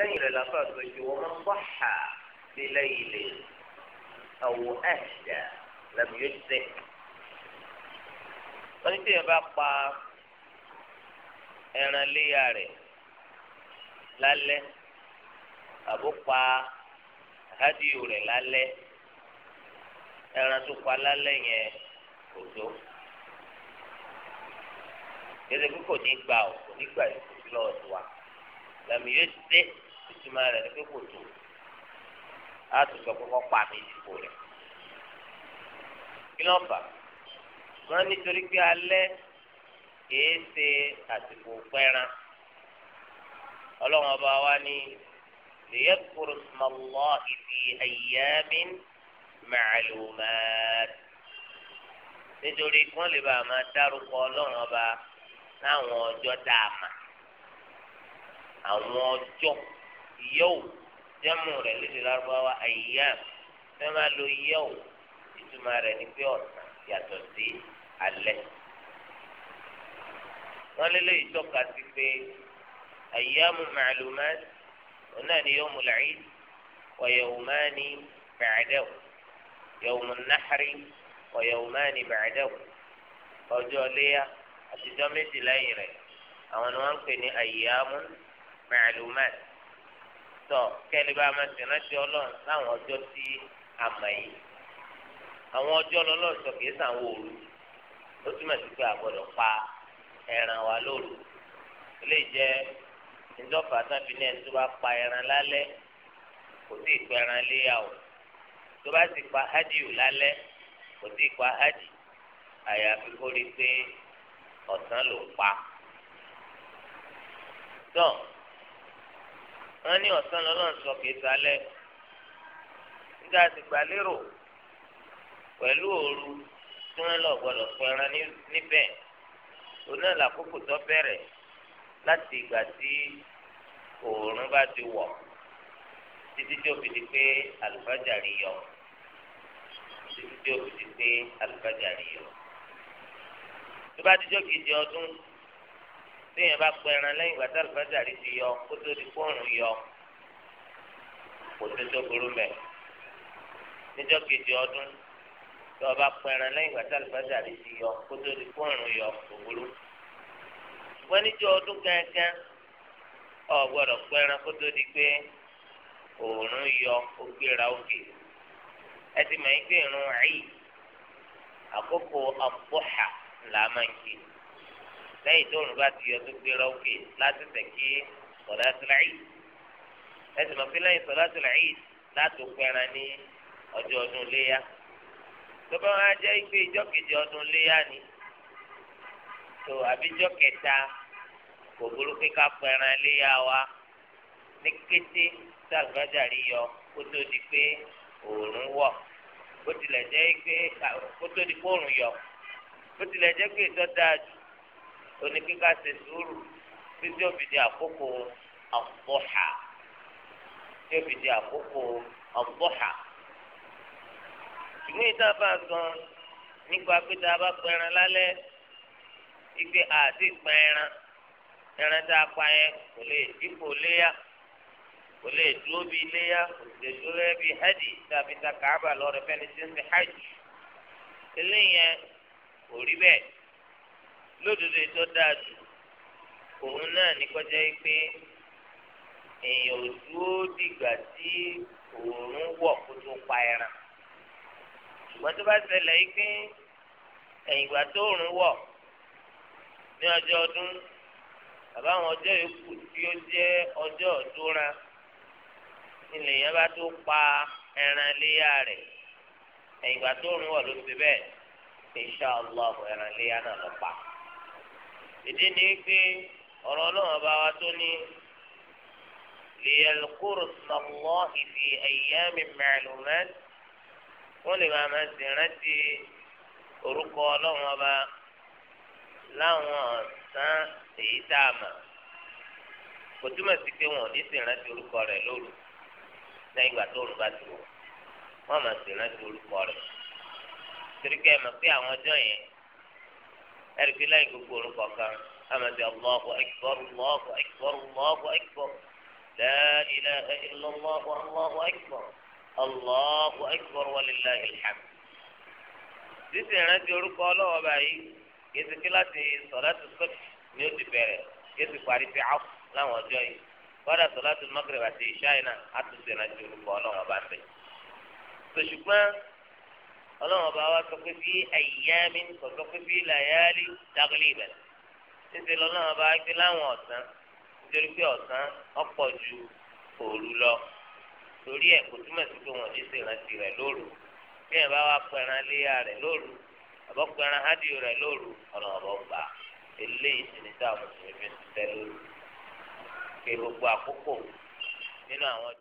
lẹ́yìn rẹ̀ làfà sọ pé wọ́n máa ń bọ́ hà sí lẹ́yìn lè àwọ̀ ẹ̀dá làbí yóò tẹ̀. wọ́n ní tí yẹn bá pa ẹran léyà rẹ̀ lálẹ́ àbó pa hádìó rẹ̀ lálẹ́ ẹran tó pa lálẹ́ yẹn kò tó yẹtẹ kó kò ní gbà ó kò ní gbà yìí kò sí lọ́wọ́ tó wa làmì yóò tẹ́ ìtumọ̀ rẹ̀ ní pé kò tó a tún sọ pé kọ́ pa mi ìdìbò rẹ̀ kí ló fà wọ́n nítorí pé alẹ́ kìí ṣe àsìkò pẹ́ran ọlọ́run ọba wa ní lèyẹ kúrò sọmọlọ ìfi ẹ̀yẹ́mí màlúmáàt nítorí kí wọ́n lè bá a máa dárúkọ ọlọ́run ọba láwọn ọjọ́ tá a àwọn ọjọ́ yẹ́wò jẹ́mu rẹ̀ lédè lárúbáwá àyíyá fẹ́ máa lo yẹ́wò ìtumọ̀ rẹ̀ ní pé ọ̀sán yàtọ̀ sí alẹ́. wọ́n lélẹ̀ ìtọ́ka sí pé àyíyámu màlúmáà òun náà ni yọ́mu làyí wọ̀yẹ̀wòmáàní bàdẹ́wò yọ̀wòmù náhàrí wọ̀yẹ̀wòmáàní bàdẹ́wò ọjọ́ léyà àtijọ́ méjì lẹ́yìn rẹ̀ àwọn ni wọ́n ń pè ní àyíyámu màlúmáà tọ kẹ́ni bá máa ṣe rántí ọlọ́run láwọn ọjọ́ tí a mọ̀ yìí àwọn ọjọ́ lọ́lọ́run sọ kìí sàn wò òru ó túmọ̀ sí pé a gbọ́dọ̀ pa ẹran wa lóru ilé jẹ́ ìjọba tábìlì ẹni tó bá pa ẹran lálẹ́ kò sí ìpẹ́ ẹran léyàwó tó bá sì pa hádìú lálẹ́ kò sí ìpa hádì àyàfi kó rí i pé ọ̀sán ló pa wọn ní ọ̀sán lọ́lọ́run sọ kìí sálẹ̀ nígbà tí gbàlérò pẹ̀lú òru tí wọ́n lọ gbọ́dọ̀ pẹran níbẹ̀ òun náà làkókò tó bẹ̀rẹ̀ láti ìgbà tí òòrùn bá ti wọ̀ títí tí ó fi di pé àlùfájàrí yọ títí tí ó fi di pé àlùfájàrí yọ tó bá dijọ́ kejì ọdún téèyàn bá pẹran lẹ́yìn ìgbà tá àlùfáàjàrí ti yọ kó tó di fóònù yọ kò tó tó burú mẹ níjọ́ kejì ọdún tí ọba pẹran lẹ́yìn ìgbà tá àlùfáàjàrí ti yọ kó tó di fóònù yọ kò burú ṣùgbọ́n níjọ́ ọdún gángan ọ gbọ́dọ̀ pẹran kó tó di pé òòrùn yọ ó gbéra òkè ẹ ti mọ̀ ẹ́ pé ìrun àyè àkókò àbúhà làá máa ń kiri lẹ́yìn tó òrùn bá ti yọ tó gbéra òkè láti tẹ̀ kí sọ̀lá tìlẹ̀ yìí ẹsìn lọ sí lẹ́yìn sọ̀lá tìlẹ̀ yìí láti pẹran ní ọjọ́ ọdún léyà tó bá wọn á jẹ́ pé ìjọ kejì ọdún léyà ni tó àbíjọ kẹta kò burú pé ká pẹran léyà wa ní kété tí yọ kó tó di pé òòrùn wọ̀ bó tilẹ̀ jẹ́ pé kó tó di pé òòrùn yọ bó tilẹ̀ jẹ́ pé ìtọ́ dáa jù oní kíkà ṣe sùúrù títí ó fi di àkókò ọ̀bọ̀hà tí ó fi di àkókò ọ̀bọ̀hà. ṣùgbọ́n ìta bá gan nípa pé tá a bá pẹran lálẹ́ igbe àti pẹran ẹran tá a pa yẹn kò lè dípò léyà kò lè dúró bíi léyà kò lè dúró bíi hẹ́dì tàbí ta kàábà fẹ́ni tí ń ṣe hajj. eléyẹn kò rí bẹ́ẹ̀. lódodo tó dáa jù òun náà ní kọjá yìí pé èèyàn ò dúró dìgbà tí òórùn pa ẹran ṣùgbọ́n tó bá ṣẹlẹ̀ yìí pé ẹ̀yìn ìgbà tó òórùn wọ̀ ní ọjọ́ ọdún bàbá àwọn ọjọ́ yòókù tí ó bá tó pa ẹran léyà rẹ̀ ẹ̀yìn ìgbà tó òórùn wọ̀ ló bẹ́ẹ̀ ẹran ìdí ni pé ọ̀rọ̀ ọlọ́run ọba wa tó ní lèyẹlkúrò sọmọ ìfi ẹ̀yẹ́ mi mẹ́lùmẹ́ wọ́n lè máa máa sì rántí orúkọ ọlọ́run ọba láwọn ọ̀sán èyí tá a mọ̀ kò túmọ̀ sí pé wọn ní sì rántí orúkọ rẹ̀ lóru lẹ́yìn ìgbà tó rùn bá ti wọ̀ wọ́n máa sì rántí orúkọ rẹ̀ torí kẹ́ ẹ mọ̀ pé àwọn ọjọ́ yẹn ẹ̀rìkì láì gbogbo orúkọ kan amadi allahu akbar allahu akbar allahu akbar la ilaha illallah allahu akbar allahu akbar walillahi alhamd. sísè ìrántí orúkọ ọlọ́wọ́ báyìí yéésì kíláàsì sọ̀láàtì sọ́ọ̀tì ni ó ti bẹ̀rẹ̀ yéésì parí fi áwù láwọn ọjọ́ yìí kọ́dà sọ̀láàtì magreba àti ìṣáìnà á tún ṣèrántí orúkọ ọlọ́wọ́ bá ń bẹ̀. sòṣùgbọ́n ọlọ́run ọba wa sọ pé fi ayyamin kò sọ pé fi làyálì dákìlì ìbẹ̀rẹ̀ níṣẹ́ lọ́lọ́run ọba gbé láwọn ọ̀sán nítorí pé ọ̀sán ọ̀pọ̀ ju òru lọ torí ẹ̀ kò túmọ̀ sí pé wọ́n ní ṣèrántí rẹ̀ lóru bí ẹ̀ bá wa pẹran léyà rẹ̀ lóru àbọ̀ pẹran hádìó rẹ̀ lóru ọ̀nà ọ̀bọ̀ gbà eléyìí sì ní sáà mùsùlùmí ti tẹ́ lóru pé gbogbo àkókò nínú àwọn.